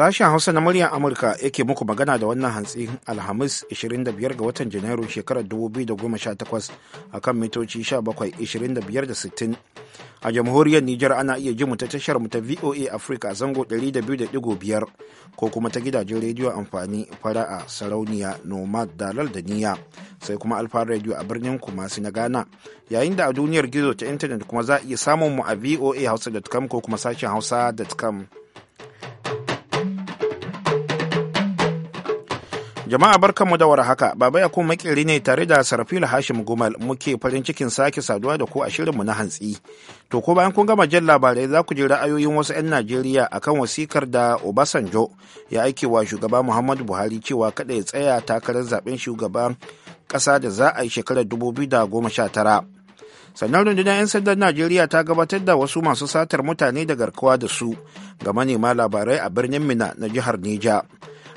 Sashen Hausa na muryar Amurka yake muku magana da wannan hantsi Alhamis 25 ga watan Janairu shekarar 2018 a kan mitoci 17-25-60. A jamhuriyar Nijar ana iya ji ta tashar mu ta VOA a zango 200.5 ko kuma ta gidajen rediyo amfani a sarauniya nomad dalal da niya sai kuma alfa rediyo a birnin kumasi na Ghana. Yayin da a duniyar gizo ta intanet kuma za a iya samun mu a voa hausa.com ko kuma sashen hausa.com. Jama'a mu da war haka, Baba kuma makeri ne tare da Sarfila Hashim Gumal muke farin cikin sake saduwa da ku a shirin mu na hantsi. To ko bayan kun gama jin labarai za ku ji ra'ayoyin wasu 'yan Najeriya akan wasikar da Obasanjo ya aike wa shugaba Muhammadu Buhari cewa kada ya tsaya takarar zaben shugaban ƙasa da za a yi shekarar 2019. Sannan rundunar 'yan sandan Najeriya ta gabatar da wasu masu satar mutane da garkuwa da su ga manema labarai a birnin Mina na jihar Neja.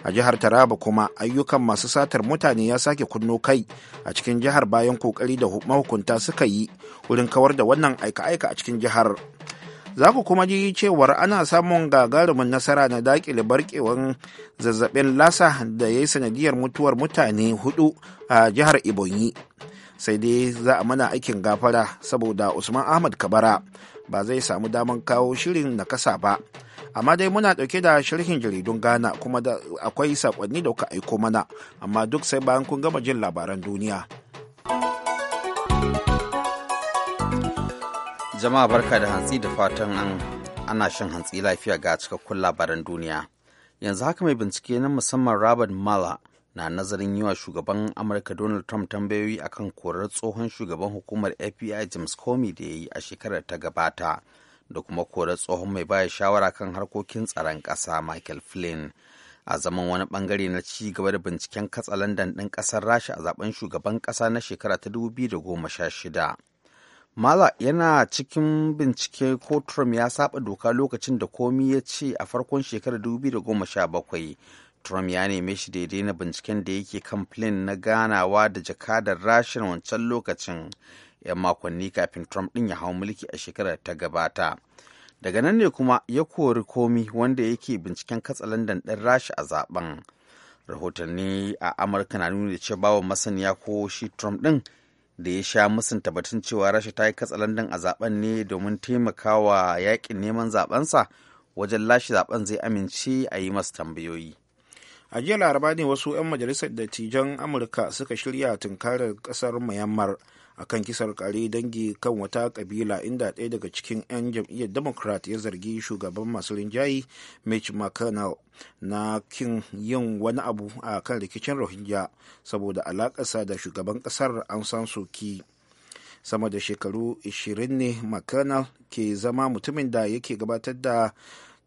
a jihar taraba kuma ayyukan masu satar mutane ya sake kunno kai a cikin jihar bayan kokari da mahukunta suka yi wurin kawar da wannan aika-aika a cikin jihar za ku kuma ji cewar ana samun gagarumin nasara na dakile barkewan zazzabin lasa da ya yi sanadiyar mutuwar mutane hudu a jihar ibonyi sai dai za a mana aikin gafara saboda usman ahmad kabara ba zai samu daman kawo shirin na kasa ba amma dai muna ɗauke da sharhin jaridun ghana kuma da akwai sakonni da kuka aiko mana amma duk sai bayan kun gama jin labaran duniya jama'a barka da hantsi da fatan an ana shan hantsi lafiya ga cikakkun labaran duniya yanzu haka mai bincike na musamman robert mala na nazarin yi wa shugaban amurka donald trump tambayoyi akan korar tsohon shugaban hukumar fbi james comey da ya yi a shekarar ta gabata da kuma korar tsohon mai baya shawara kan harkokin tsaron ƙasa michael flynn a zaman wani bangare na ci gaba da binciken katsalandan ɗin ƙasar rasha a zaben shugaban ƙasa na shekara ta 2016 mala yana cikin bincike ko trump ya saba doka lokacin da komi ya ce a farkon shekarar 2017 Trump ya neme shi daidai na binciken da yake kan na ganawa da jakadar rashin wancan lokacin 'yan makonni kafin Trump ɗin ya hau mulki a shekarar ta gabata. Daga nan ne kuma ya kori komi wanda yake binciken katsalandan ɗin rashi a zaben. Rahotanni a Amurka na nuna cewa bawa masaniya ko shi Trump ɗin da ya sha musunta batun cewa rasha ta yi katsalandan a zaben ne domin taimakawa yakin neman zabensa wajen lashe zaben zai amince a yi masa tambayoyi. a jiya laraba ne wasu 'yan majalisar dattijan amurka suka shirya tunkarar kasar myanmar kan kisar kare dangi kan wata kabila inda ɗaya daga cikin 'yan jam'iyyar democrat ya zargi shugaban masu rinjaye mitch mcconnell na kin yin wani abu a kan rikicin rohingya saboda sa da shugaban kasar an san soki sama da shekaru 20 ne mcconnell ke zama mutumin da yake gabatar da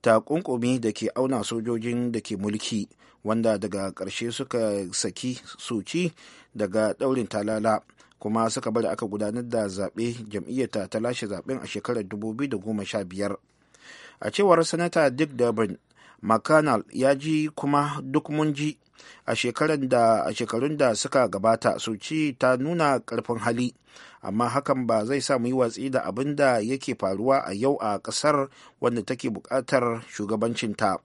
ta kunkumi da ke auna sojojin da ke mulki wanda daga karshe suka saki suci daga ɗaurin talala kuma suka bari aka gudanar da zaɓe jam'iyyata ta lashe zaɓen a shekarar 2015 a cewar sanata dick durbin mcconnell ya ji kuma duk mun ji a shekarun da suka gabata suci ta nuna ƙarfin hali amma hakan ba zai sa mu yi watsi da abin da yake faruwa a yau a ƙasar wanda take buƙatar shugabancinta.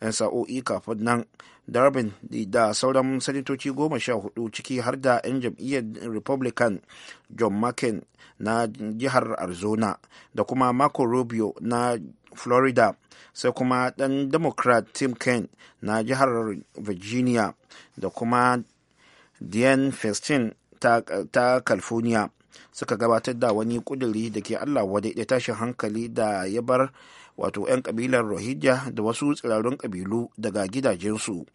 'yan sa'o'i kafin nan darbin da sauran sanitoci goma sha hudu ciki har da 'yan jam'iyyar republican john mccain na jihar arizona da kuma marco rubio na florida sai kuma dan democrat tim kaine na jihar virginia da kuma diane festin ta, ta california suka gabatar da wani kuduri da ke allah wadai da tashin hankali da ya bar wato 'yan kabilar rohingya da wasu tsirarun kabilu daga gidajensu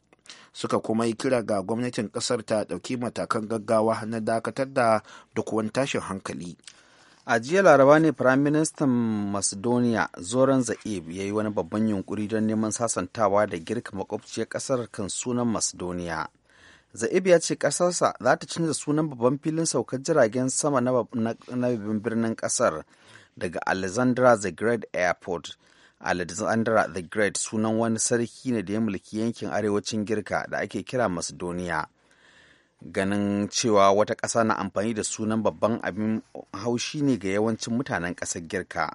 suka kuma yi kira ga gwamnatin kasar ta dauki matakan gaggawa na dakatar da duk wani tashin hankali a jiya laraba ne minister macedonia zoran za'ib ya yi wani babban yunkuri don neman sasantawa da girka makwabciyar kasar kan sunan macedonia Za'ib ya ce ƙasarsa za ta canza sunan babban filin saukar jiragen sama na babban birnin ƙasar daga Alexandra the Great Airport. Alexandra the Great sunan wani sarki ne da ya mulki yankin arewacin Girka da ake kira Macedonia. Ganin cewa wata ƙasa na amfani da sunan babban abin haushi ne ga yawancin mutanen ƙasar Girka.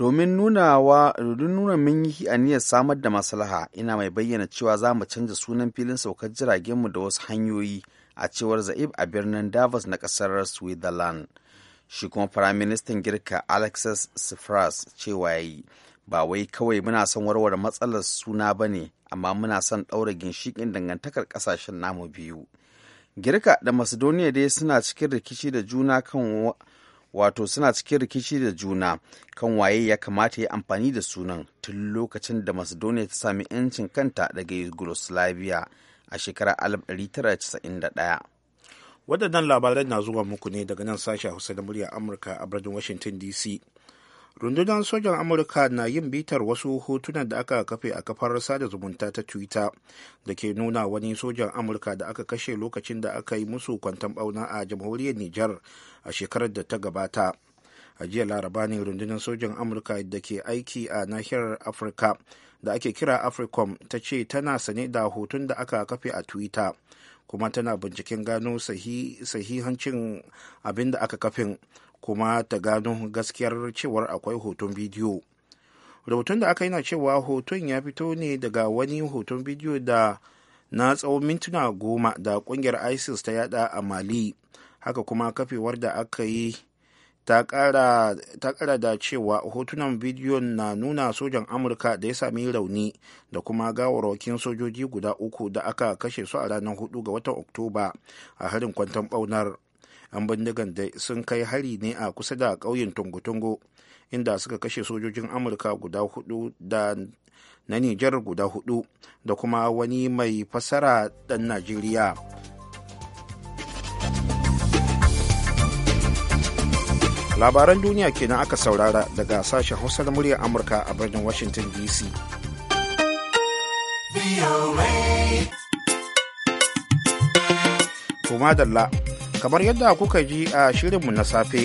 domin nuna wa domin nuna mun yi aniyar samar da maslaha ina mai bayyana cewa za mu canza sunan filin saukar jiragenmu da wasu hanyoyi a cewar za'ib a birnin davos na kasar switzerland shi kuma firaministan girka alexis tsipras cewa yayi ba wai kawai muna son warware matsalar suna ba ne amma muna son ɗaura ginshiƙin dangantakar ƙasashen namu biyu girka da macedonia dai suna cikin rikici da juna kan wato suna cikin rikici da juna kan waye ya kamata ya amfani da sunan tun lokacin da macedonia ta sami 'yancin kanta daga yugoslavia a shekarar 1991 waɗannan labarai na zuwa muku ne daga nan sashen hausa da murya amurka a birnin washington dc rundunar sojan amurka na yin bitar wasu hotunan da aka kafe a kafar sada zumunta ta twitter da ke nuna wani sojan amurka da aka kashe lokacin da aka yi musu kwantan bauna a jamhuriyar niger a shekarar da ta gabata a jiya laraba ne rundunar sojan amurka da ke aiki a nahiyar afirka da ake kira africom ta ce tana sane da hoton da aka kafe a twitter kuma tana binciken gano sahihancin abin da aka kafin kuma ta gano gaskiyar cewar akwai hoton bidiyo rahoton da aka yi na cewa hoton ya fito ne daga wani hoton bidiyo da na tsawon mintuna goma da kungiyar isis ta yada a mali haka kuma kafewar da aka yi ta kara da cewa hotunan bidiyon na nuna sojan amurka da ya sami rauni da kuma gawarwakin sojoji guda uku da aka kashe su a ranar 4 ga watan oktoba a harin kwantan baunar. 'yan bindigan dai sun kai hari ne a kusa da ƙauyen tungutungu inda suka kashe sojojin amurka guda hudu da na nijar guda hudu da kuma wani mai fasara ɗan najeriya labaran duniya kenan aka saurara daga sashen hausa da muryar amurka a birnin washington dc kuma dalla kamar yadda kuka ji a shirinmu na safe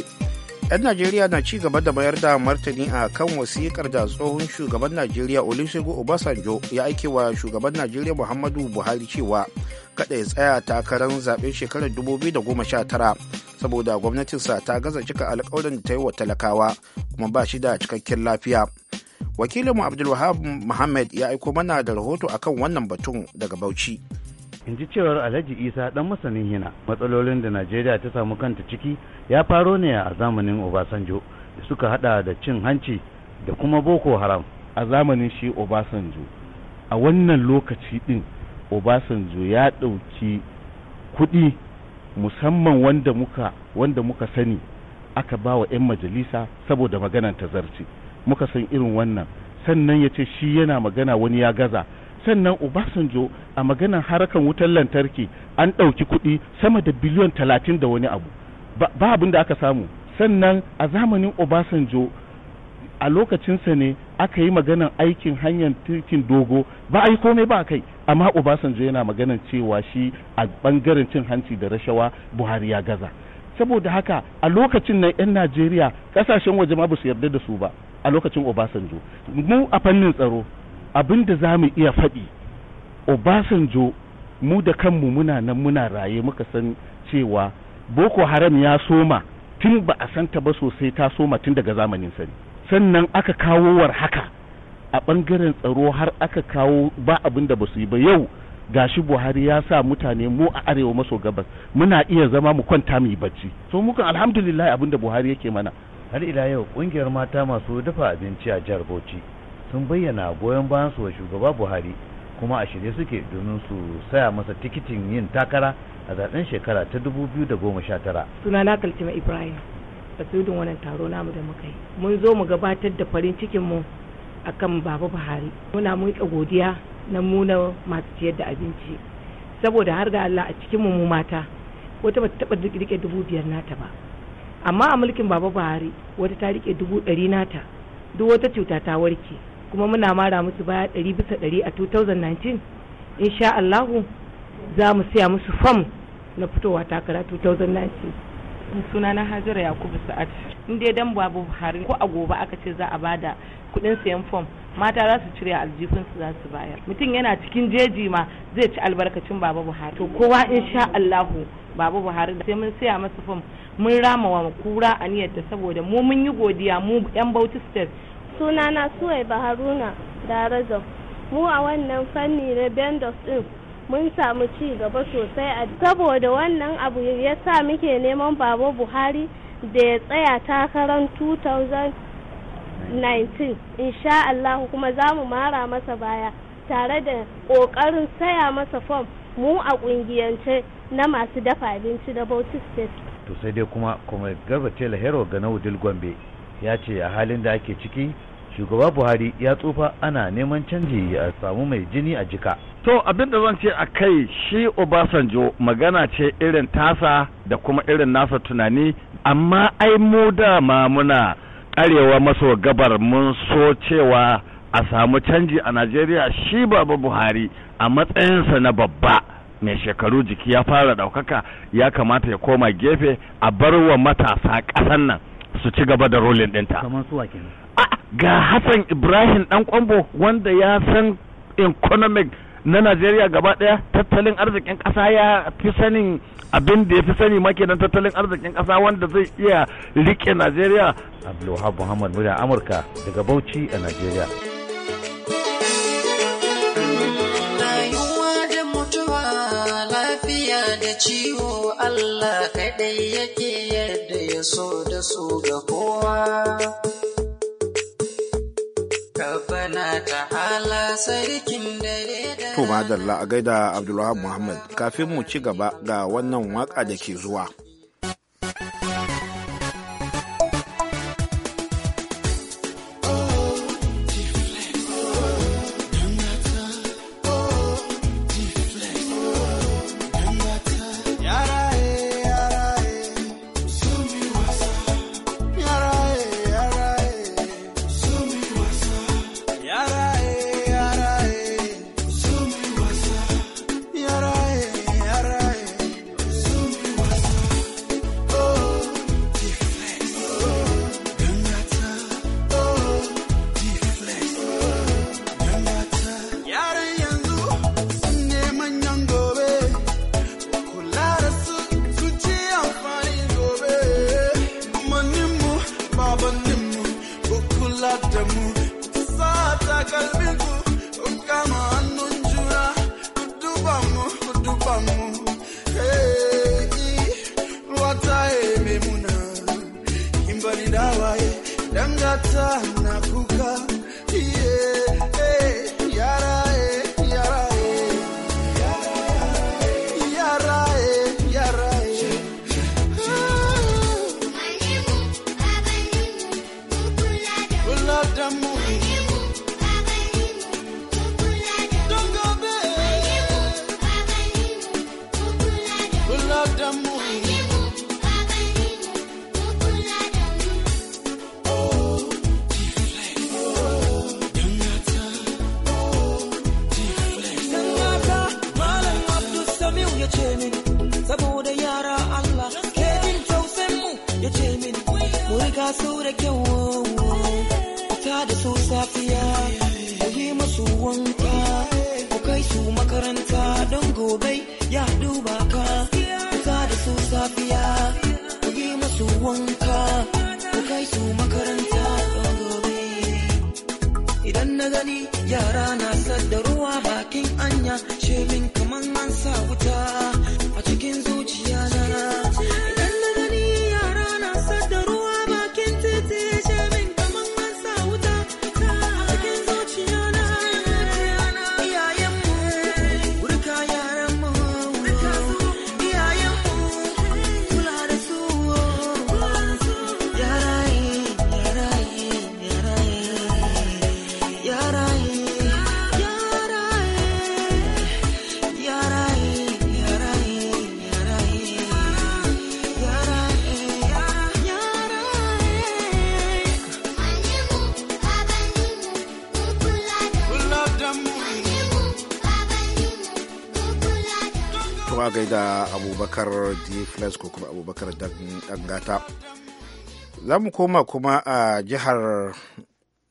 'yan najeriya na ci gaba da mayar da martani a kan wasikar da tsohon shugaban najeriya olusegun obasanjo ya aike wa shugaban najeriya muhammadu buhari cewa kada ya tsaya takarar zaɓen shekarar 2019 saboda gwamnatinsa ta gaza cika alkawarin da ta yi wa talakawa kuma ba shi da cikakken lafiya wakilinmu abdulwahab muhammad ya aiko mana da rahoto akan wannan batun daga bauchi in ji cewar alhaji isa dan masanin hina matsalolin da najeriya ta samu kanta ciki ya faro ne a zamanin obasanjo da suka hada da cin hanci da kuma boko haram a zamanin shi obasanjo a wannan lokaci din obasanjo ya ɗauki kuɗi musamman wanda muka wanda muka sani aka ba wa 'yan majalisa saboda maganan tazarci muka san irin wannan sannan ya ce shi yana magana wani ya gaza sannan obasanjo a maganar harakan wutar lantarki an ɗauki kuɗi sama da biliyon talatin da wani abu ba abin da aka samu sannan a zamanin obasanjo a lokacinsa ne aka yi maganan aikin hanyar tirkin dogo ba a yi komai ba kai amma obasanjo yana maganan cewa shi a ɓangaren cin hanci da rashawa buhari ya gaza saboda haka a lokacin na 'yan najeriya kasashen waje ma ba su yarda da su ba a lokacin obasanjo mu a fannin tsaro abin da za mu iya faɗi obasanjo mu da kanmu muna nan muna raye muka san cewa boko haram ya soma tun ba a santa ba sosai ta soma tun daga zamanin sani sannan aka kawo war haka a ɓangaren tsaro har aka kawo ba abin da ba su yi ba yau gashi buhari ya sa mutane mu a arewa maso gabas muna iya zama mu kwanta mu yi bacci so muka alhamdulillah abin da buhari yake mana har ila yau ƙungiyar mata masu dafa abinci a jihar bauchi sun bayyana goyon bayan su wa shugaba buhari kuma a shirye suke domin su saya masa tikitin yin takara a zaben shekara ta 2019 sunana kaltima ibrahim basudin wannan taro namu da muka yi mun zo mu gabatar da farin cikin mu kan baba buhari muna muka godiya na mu masu ciyar da abinci saboda har ga Allah a cikin mu mata wata bata ta taba rike dubu biyar nata ba amma a mulkin baba buhari wata ta rike dubu ɗari nata duk wata cuta ta warke kuma muna mara musu baya ɗari bisa ɗari a 2019 insha Allahu za mu siya musu fam na fitowa takara 2019 suna na hajira yakubu sa'ad in dai dan babu buhari ko a gobe aka ce za a bada kudin sayan fom mata za su cire su za su bayar mutum yana cikin jeji ma zai ci albarkacin baba buhari to kowa insha Allahu baba buhari sai mun siya masa fom mun rama wa kura ta saboda mu mun yi godiya mu yan bauchi state sunana suwaiba da darazau mu a wannan fanni na bendos din mun samu ci gaba sosai a saboda wannan abu ya sa muke neman baba buhari da ya tsaya takarar 2019 insha Allah kuma za mu mara masa baya tare da ƙoƙarin saya masa fom mu a ƙungiyance na masu dafa abinci da Bauchi State. To sai dai kuma kuma garba tela hero ga na Gombe ya ce a halin da ake ciki shugaba buhari ya tsufa ana neman canji a samu mai jini a jika to abin da zan ce a kai shi obasanjo magana ce irin tasa da kuma irin nasa tunani amma ai mu ma muna karewa maso gabar mun so cewa a samu canji a najeriya shi baba buhari a matsayinsa na babba mai shekaru jiki ya fara ɗaukaka ya kamata ya koma gefe a bar wa matasa ƙasan nan su ci gaba da rolin dinta. Kamar Ga Hassan Ibrahim ɗan kwambo wanda ya san economic na Najeriya gaba ɗaya tattalin arzikin ƙasa ya fi sanin abin da ya fi sani ma kenan tattalin arzikin ƙasa wanda zai iya riƙe Najeriya. Abdulwahab Muhammad Murya Amurka daga Bauchi a Najeriya. da ciwo Allah kaɗai yake yadda ya so da su ga kowa. To madalla a gaida Abdullahi Muhammad kafin mu ci gaba ga wannan waka da ke zuwa. abubakar d flex ko kuma abubakar dangata za mu koma kuma a jihar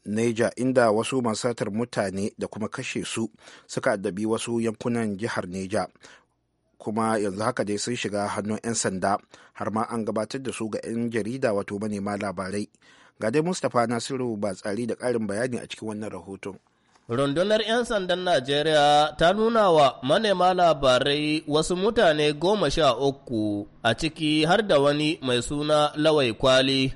neja inda wasu masatar mutane da kuma kashe su suka addabi wasu yankunan jihar neja kuma yanzu haka dai sun shiga hannun 'yan sanda har ma an gabatar da su ga 'yan jarida wato manema labarai ga dai mustapha nasiru ba tsari da ƙarin bayani a cikin wannan rahoton Rundunar 'yan sandan Najeriya ta nuna wa manema labarai wasu mutane goma sha uku a ciki har da wani mai suna Lawai Kwali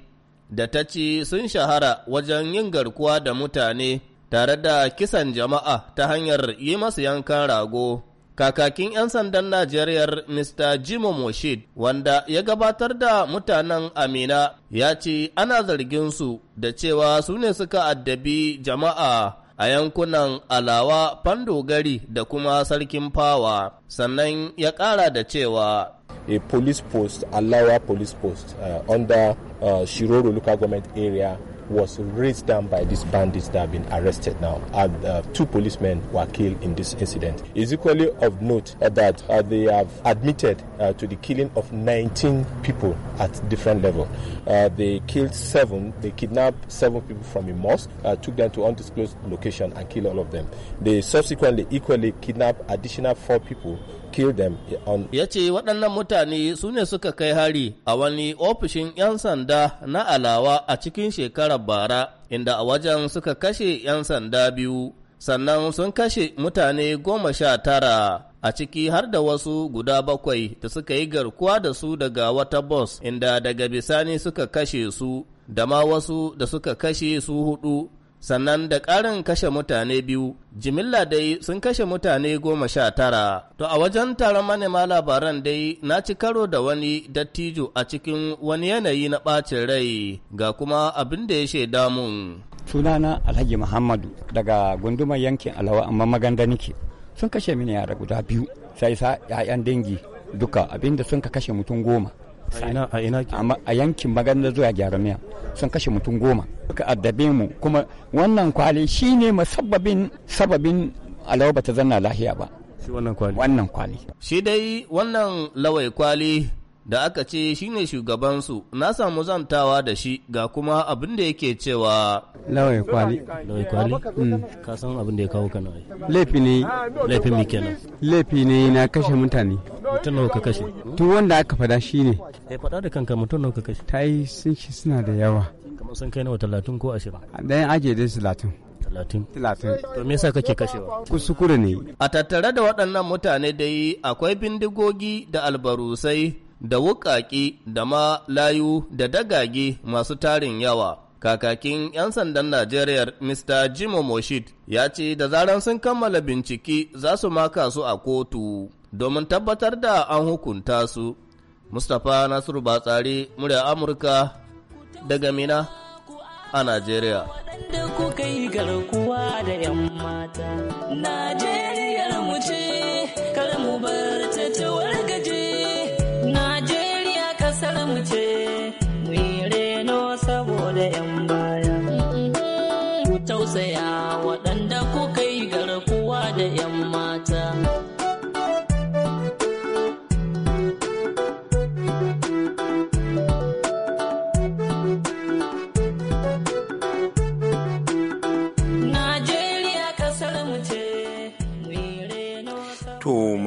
da ta ci sun shahara wajen yin garkuwa da mutane tare da kisan jama'a ta hanyar yi masu yankan rago. Kakakin 'yan sandan Najeriya Mr. Jimo Moshid wanda ya gabatar da mutanen Amina ya ce ana zargin su da cewa su ne suka addabi jama'a. a yankunan Alawa, Fandogari da kuma Sarkin Fawa, sannan ya kara da cewa a police post, Alawa police post uh, under uh, Shiroro local government area was raised down by these bandits that have been arrested now. And uh, two policemen were killed in this incident. It's equally of note uh, that uh, they have admitted uh, to the killing of 19 people at different level. Uh, they killed seven. They kidnapped seven people from a mosque, uh, took them to undisclosed location, and killed all of them. They subsequently equally kidnapped additional four people Ya ce waɗannan mutane su ne suka kai hari a wani ofishin 'yan sanda na alawa a cikin shekara bara inda a wajen suka kashe 'yan sanda biyu sannan sun kashe mutane goma sha tara a ciki har da wasu guda bakwai da suka yi garkuwa da su daga wata bos inda daga bisani suka kashe su da ma wasu da suka kashe su hudu sannan da ƙarin kashe mutane biyu jimilla dai sun kashe mutane goma sha tara to a wajen taron manema labaran dai na ci karo da wani dattijo a cikin wani yanayi na ɓacin rai ga kuma abin da ya shaida mun sunana alhaji muhammadu daga gundumar yankin alawa amma maganda nike sun kashe mini yara guda biyu sai sa 'ya'yan dangi duka abinda sun ka kashe mutum goma a a yankin maganar zuwa miya. sun kashe mutum goma suka addabe mu kuma wannan kwali shine musabbabin sababin ba ta zanna lahiya ba wannan wannan kwali shi dai wannan lawai kwali da aka ce shi ne shugabansu na samu zantawa da shi ga kuma abin da yake cewa lawai kwali lawai kwali hmm, ka san abin da ya kawo kana laifi ne laifin mai kenan laifi ne na kashe mutane mutum nawa ka kashe to wanda aka fada ne ya eh, fada da kanka mutum nawa ka kashe yi sun shi suna da yawa kamar sun kai nawa talatin ko ashirin dan aje dai talatin talatin. Talatin. To me yasa kake kashewa? Kuskure ne. A tattare da waɗannan mutane dai akwai bindigogi da albarusai da wukaki da ma layu da dagage masu tarin yawa. Kakakin 'yan sandan Najeriya Mr. Jimo Moshid ya ce da zaran sun kammala bincike za su maka su a kotu domin tabbatar da an hukunta su. Mustapha Nasiru Batsari, murya Amurka daga Mina a Najeriya.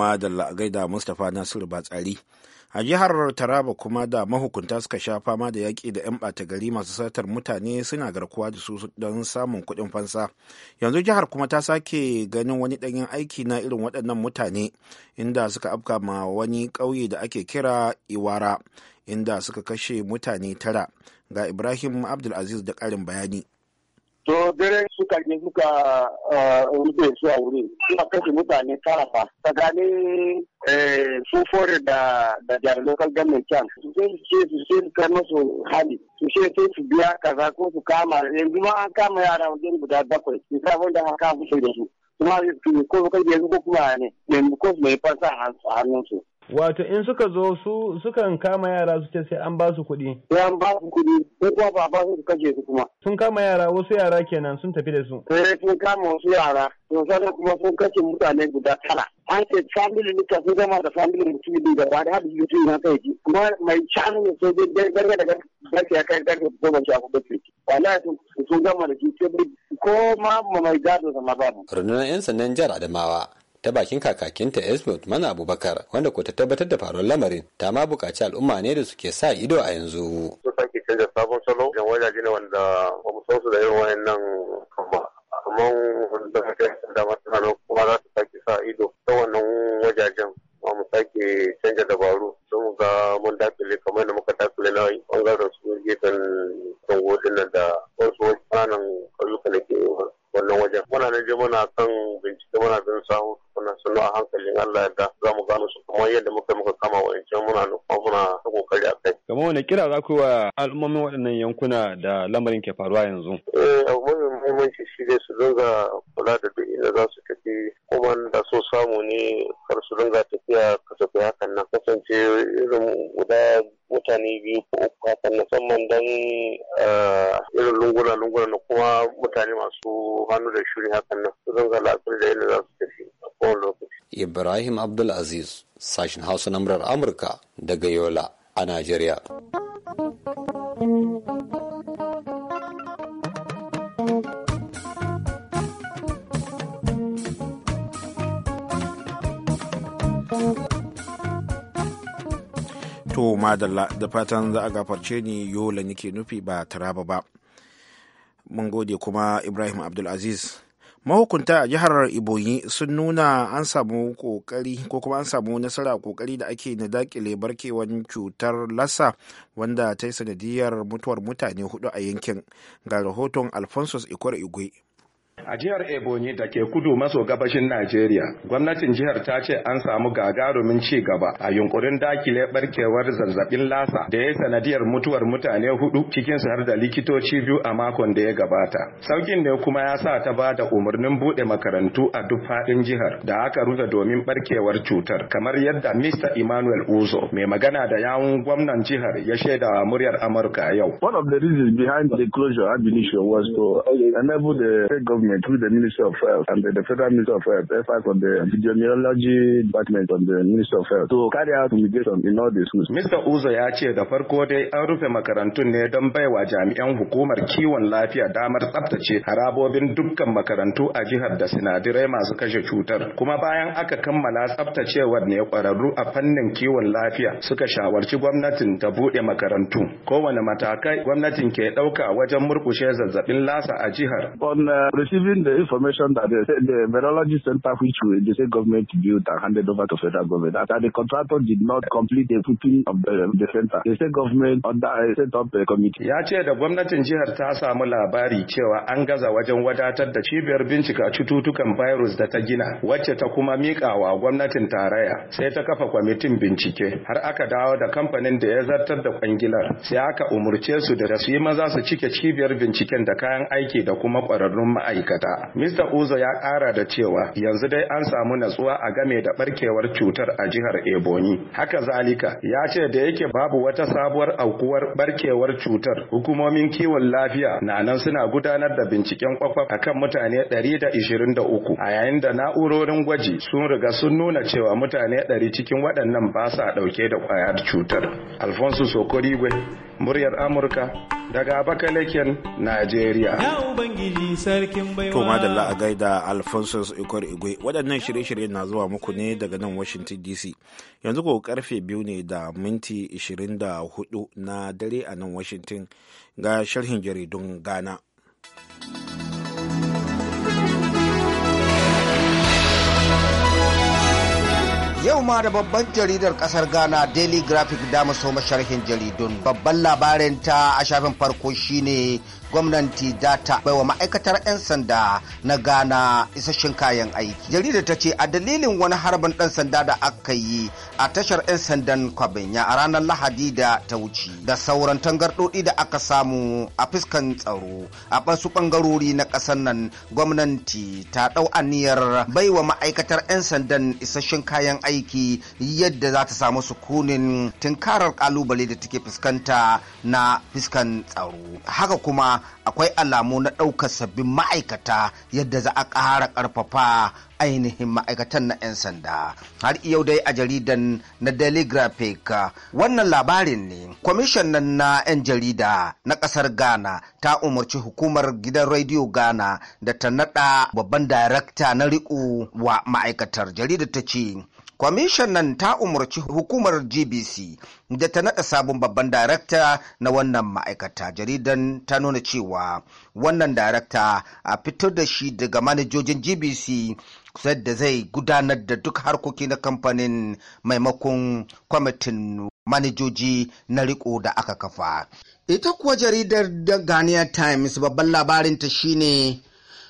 kuma da la'agaida mustapha nasiru batsari a jihar taraba kuma da mahukunta suka sha fama da yaƙi da 'yan ɓata gari masu satar mutane suna garkuwa da su don samun kuɗin fansa yanzu jihar kuma ta sake ganin wani ɗanyen aiki na irin waɗannan mutane inda suka afka ma wani ƙauye da ake kira iwara inda suka kashe mutane tara ga ibrahim abdulaziz da ƙarin bayani to dare suka je suka eh, rufe su a wuri suna kashe mutane karafa tsakanin fufore eh, da da jihar local government can su ce su ce su ce su kai masu hali su ce sai su biya kaza ko su kama yanzu ma an kama yara wajen guda bakwai misali da haka musu da su kuma ko kai yanzu ko kuma ne yanzu ko su mai fasa a hannunsu Wato in suka zo su sukan kama yara su ce sai an ba su kuɗi. Sai an ba su kuɗi, sai kuma ba ba su kashe su kuma. Sun kama yara wasu yara kenan sun tafi da su. Sai eh, sun kama wasu yara, to sai kuma sun kashe mutane guda tara. An ce family nika sun zama da family mutum biyu da da haɗu mutum na kai ji. Kuma mai can ne sai dai dai da garga ya kai garga goma sha hudu ce. Wallahi sun gama da shi sai ko ma mai gado da ma babu. Rundunar 'yan sandan jihar Adamawa ta bakin kakakinta Esme mana Abubakar wanda ko ta tabbatar da faruwar lamarin ta ma buƙaci al'umma ne da suke sa ido a yanzu. Su sake canza sabon salo da wajaje ne wanda ba mu san su da irin wayannan ba. Amma wanda da kake da masu kuma za su sake sa ido ta wannan wajajen ba mu sake canza dabaru. Sun ga mun dakile kamar da muka dakile na ɓangaren su gefen tango dinnan da wasu ƙananan ƙauyuka da ke wannan wajen. Muna nan je muna kan bincike muna bin samu sannu a hankalin Allah yadda za mu gano su kamar yadda muka muka kama wa'ancan muna nufa muna ta kokari a kai. Kamar wani kira za ku wa al'ummomin waɗannan yankuna da lamarin ke faruwa yanzu? Eh abu mafi muhimmanci shi ne su dinga kula da duk inda za su tafi kuma da so samu ne kar su dinga tafiya kasafi hakan nan kasance irin guda mutane biyu ko uku hakan musamman don eh, irin lunguna-lunguna na kuma mutane masu hannu da shuri hakan nan su zanga lafiyar da yadda za su tafi kowane lokaci. Ibrahim Abdulaziz, sashen Hausa na murar Amurka daga Yola a Najeriya. To madalla da fatan za a gafarce ni yola nake nufi ba taraba ba. Mun gode kuma Ibrahim Abdulaziz mahukunta a jihar iboyi sun nuna an samu kokari ko kuma an samu nasara kokari da ake na dakile barkewan cutar lassa wanda ta yi sanadiyar mutuwar mutane hudu a yankin ga rahoton alphonsus ikwar igwe A jihar Ebonyi da ke kudu maso gabashin Najeriya, gwamnatin jihar ta ce an samu gagarumin ci gaba a yunkurin dakile barkewar zazzabin lasa da ya sanadiyar mutuwar mutane hudu cikin su har da likitoci biyu a makon da ya gabata. Saukin ne kuma ya sa ta ba da umarnin bude makarantu a duk faɗin jihar da aka rufe domin barkewar cutar kamar yadda Mr. Emmanuel Uzo mai magana da yawun gwamnan jihar ya shaida muryar Amurka yau. One of the reasons behind the closure was to enable the government Department through the Ministry of Health and the, the Federal Ministry of Health, effort on the Epidemiology Department on the Ministry of Health to carry out mitigation in all the schools. Mr. Uzo ya ce da farko dai an rufe makarantun ne don baiwa jami'an hukumar kiwon lafiya damar tsabtace harabobin dukkan makarantu a jihar da sinadirai masu kashe cutar. Kuma bayan aka kammala tsabtacewar ne kwararru a fannin kiwon lafiya suka shawarci gwamnatin ta buɗe makarantu. Kowane matakai gwamnatin ke ɗauka wajen murƙushe zazzabin lasa a jihar. On uh, Even the information that the, the virology center, which the state government built and handed over to federal government, that the contractor did not complete the putting of the, the center. The state government under, uh, set up a committee. Ya ce da gwamnatin jihar ta samu labari cewa an gaza wajen wadatar da cibiyar bincika cututtukan virus da ta gina, wacce ta kuma miƙawa gwamnatin tarayya. Sai ta kafa kwamitin bincike, har aka dawo da kamfanin da ya zartar da kwangilar. Sai aka umurce su da su yi maza su cike cibiyar binciken da kayan aiki da kuma ƙwararrun ma'aikata. ma'aikata. Mr. Uzo ya ƙara da cewa yanzu dai an samu natsuwa a game da barkewar cutar a jihar Ebonyi. Haka zalika ya ce da yake babu wata sabuwar aukuwar barkewar cutar hukumomin kiwon lafiya na nan suna gudanar da binciken kwakwaf akan mutane 123 a yayin da na'urorin gwaji sun riga sun nuna cewa mutane 100 cikin waɗannan ba sa ɗauke da kwayar cutar. Alfonso Sokorigwe, muryar Amurka daga Bakalaken, Najeriya. Ya Ubangiji sarkin baiwa. Toma da la'a gaida Alfonso Ikor Igwe. Waɗannan shirye-shirye na zuwa muku ne daga nan Washington DC. Yanzu ko karfe biyu ne da minti 24 na dare a nan Washington ga sharhin jaridun Ghana. Yau ma da babban jaridar kasar Ghana Daily Graphic da mu sharhin jaridun babban labarin ta a shafin farko shine gwamnati za ta baiwa ma'aikatar 'yan sanda na gana isasshen kayan aiki. Jaridar ta ce a dalilin wani harbin ɗan sanda da aka yi a tashar 'yan sandan Kwabinya a ranar Lahadi da ta wuce da sauran tangarɗoɗi da aka samu a fuskan tsaro a basu bangarori na ƙasar nan gwamnati ta ɗau aniyar baiwa ma'aikatar 'yan sandan isasshen kayan aiki yadda za ta samu sukunin tunkarar ƙalubale da take fuskanta na fuskan tsaro. Haka kuma akwai alamu na ɗaukar sabbin ma'aikata yadda za a ƙara ƙarfafa ainihin ma'aikatan na 'yan sanda har yau dai a jaridan na daily graphic wannan labarin ne kwamishinan na 'yan jarida na ƙasar ghana ta umarci hukumar gidan rediyo ghana da ta naɗa babban darakta na riƙo wa ma'aikatar jarida ta ce nan ta umarci hukumar gbc da ta naɗa sabon babban darakta na wannan ma'aikata jaridan ta nuna cewa wannan darakta a fitar da shi daga manajojin gbc kusa da zai gudanar da duk harkoki na kamfanin maimakon kwamitin manajoji na riko da aka kafa ita kuwa jaridar da ghanaian times babban labarinta shine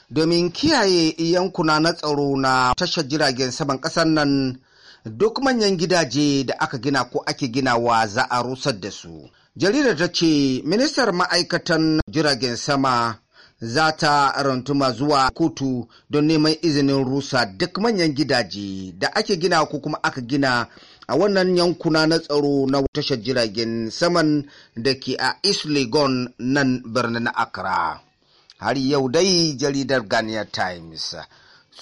domin kiyaye yankuna na tsaro na tashar jiragen saman ƙasar nan duk manyan gidaje da aka gina ko ake ginawa za a rusar da su. Jaridar ta ce ministar ma'aikatan jiragen sama za ta rantuma zuwa kotu don neman izinin rusa duk manyan gidaje da ake gina ko kuma aka gina a wannan yankuna na tsaro na tashar jiragen saman da ke a East Legon nan birnin Accra. Har yau dai jaridar Ghanaian Times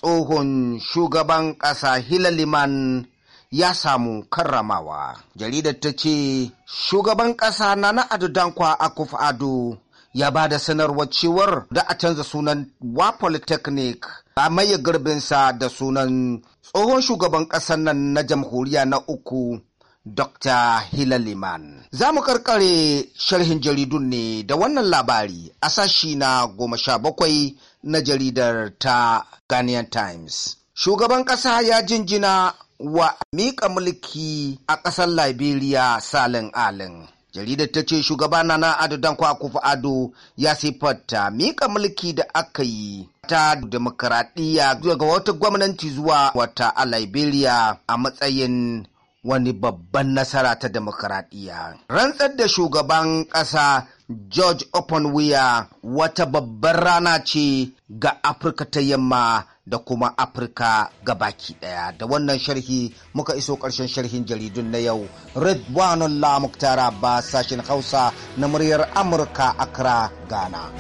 tsohon shugaban ƙasa Hilaliman ya samu karramawa. Jaridar ta ce, Shugaban ƙasa Nana Ado Dankwa Akuf Ado ya ba da sanarwar cewar da a canza sunan wa polytechnic a maye garbinsa da sunan tsohon shugaban ƙasar nan na jamhuriya na uku Dr. Hilaliman. Za mu karkare sharhin jaridun ne da wannan labari a sashi na goma sha bakwai na jaridar ta Ghanaian Times. Shugaban ƙasa ya jinjina wa miƙa mulki a ƙasar Liberia salin alin. Jaridar ta ce shugaba Nana Ado Danko Akufo Ado ya siffata miƙa mulki da aka yi ta demokaradiyya daga wata gwamnati zuwa wata a Liberia a matsayin wani babban nasara ta demokaradiyya. Rantsar da shugaban ƙasa George Openweya wata babbar rana ce ga Afirka ta yamma da kuma Afirka baki ɗaya. Da wannan sharhi muka iso ƙarshen sharhin jaridun na yau. Red Ridwanullah Muktara ba sashen Hausa na muryar Amurka Accra, Ghana.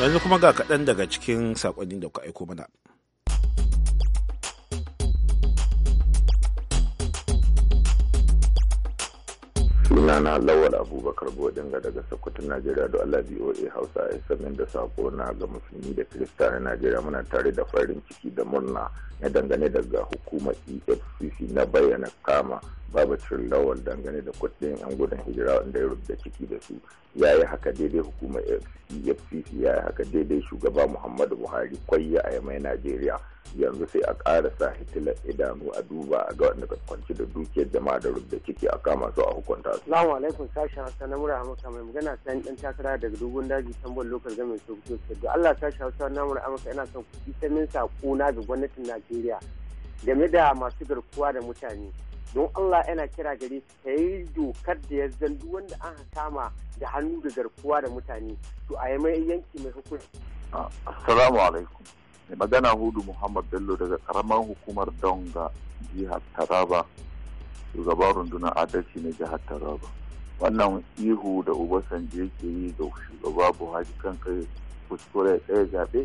Yanzu kuma ga kaɗan daga cikin saƙonin da kuka aiko mana. sunana lawal abubakar godinga daga sokoto najeriya da allah o.a hausa a isamin da sako na ga musulmi da kirista na najeriya muna tare da farin ciki da murna na dangane daga hukumar efcc na bayyana kama babu lawal dangane da kudin yan gudun hijira wanda ya rubuta ciki da su ya yi haka daidai hukumar fcc ya yi haka daidai shugaba muhammadu buhari kwayya a yamai najeriya yanzu sai a karasa hitilar idanu a duba a ga wanda kwanci da dukiyar jama'a da rubuta ciki a kama su a hukunta su. Salamu alaikum sashen hausa na mura amurka mai magana sani dan takara daga dogon daji tambon lokal gamin sokoto da allah sashen hausa na mura amurka yana son kuɗi sanin sako na ga gwamnatin najeriya game da masu garkuwa da mutane. don Allah yana kira gari su ta yi dokar da ya zan duk wanda an kama da hannu da garkuwa da mutane to a yi mai yanki mai hukunci. Assalamu alaikum. Mai magana Hudu Muhammad Bello daga karamar hukumar Donga jihar Taraba shugaban rundunar adalci na jihar Taraba. Wannan ihu da Obasanjo yake yi ga shugaba Buhari kan kai kuskure ɗaya zaɓe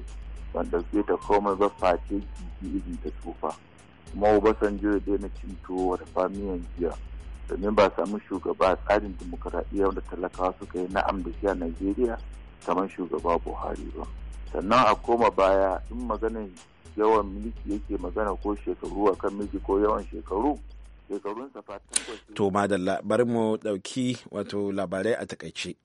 ban ɗauke ta komai ba face jiki izin ta tufa. kuma obasanjo ya daina cin tuwo da famiyan jiya domin ba samu shugaba a tsarin dimokuraɗiyya wanda talakawa suka yi na da a najeriya kamar shugaba buhari ba sannan a koma baya in maganin yawan miliki yake magana ko shekaru a kan miji ko yawan shekaru shekarunsa fatan to madalla bari mu dauki wato labarai a takaice.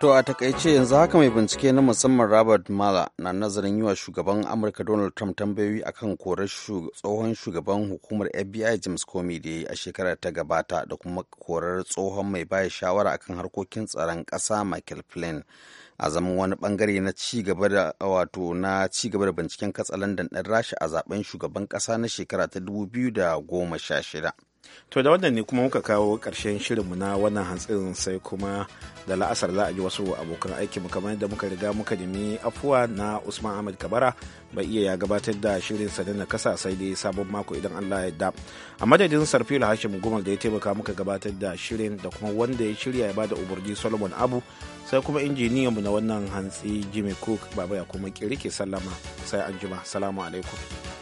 To a takaice yanzu haka mai bincike na musamman Robert Mala na nazarin yi wa shugaban Amurka Donald Trump tambayoyi akan korar tsohon shugaban hukumar FBI James Comey da ya yi a shekarar ta gabata da kuma korar tsohon mai baya shawara akan harkokin tsaron ƙasa Michael Flynn a zaman wani bangare na ci gaba da wato na ci gaba da binciken katsalandan ɗan Rasha a zaben shugaban ƙasa na shekara ta 2016. To da wannan ne kuma muka kawo ƙarshen shirinmu na wannan hantsin sai kuma da la'asar za a ji wasu abokan aiki mu kamar da muka riga muka nemi afuwa na Usman Ahmad Kabara bai iya ya gabatar da shirin sa na kasa sai dai sabon mako idan Allah ya da A madadin Sarfilu Hashim Gumal da ya taimaka muka gabatar da shirin da kuma wanda ya shirya ya bada umarni Solomon Abu sai kuma injiniyan mu na wannan hantsi Jimmy Cook baba ya kuma kirki sallama sai anjima salamu alaikum.